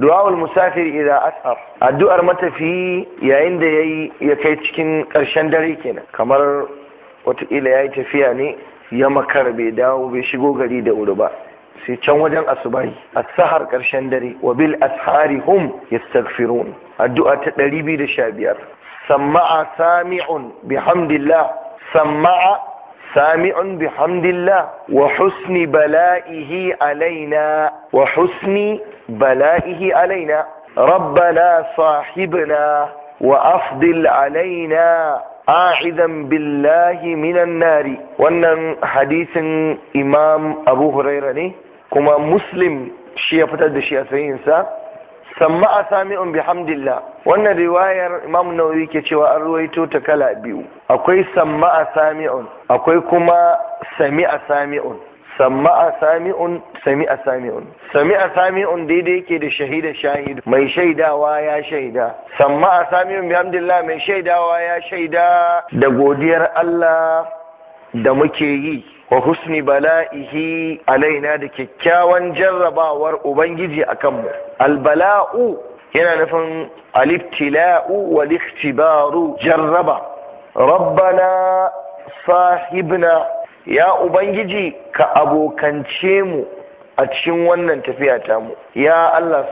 du'awul musafir idza asar addu'ar matafiyi yayin da yayi ya kai cikin ƙarshen dare kenan kamar wata ya yi tafiya ne ya makar bai dawo bai shigo gari da wuri ba sai can wajen asubahi asahar karshen dare wa bil ashari hum yastaghfirun addu'a ta 215 sama'a sami'un bihamdillah sama'a sami'un bihamdillah wa husni bala'ihi alaina wa husni bala'ihi alaina rabbana sahibna wa afdil alaina a'idan billahi minan nari wannan hadisin imam abu huraira ne kuma muslim shi ya fitar da shi a sayinsa samma'a sami'un bihamdillah wannan riwayar imam nawawi ke cewa an ruwaito ta kala biyu akwai samma'a sami'un akwai kuma sami'a sami'un samma'a sami'un a sami'un sami'a sami'un daidai yake da shahida shahidu mai shaidawa ya shaida samma'a sami'un bihamdillah mai shaidawa ya shaida da godiyar Allah da muke yi wa husni bala'ihi alaina da kyakkyawan jarrabawar ubangiji a kanmu albala'u yana nufin alibtila'u wa liftibaru jarraba rabbana sahibna ya ubangiji ka abokance mu a cikin wannan tafiya tamu ya Allah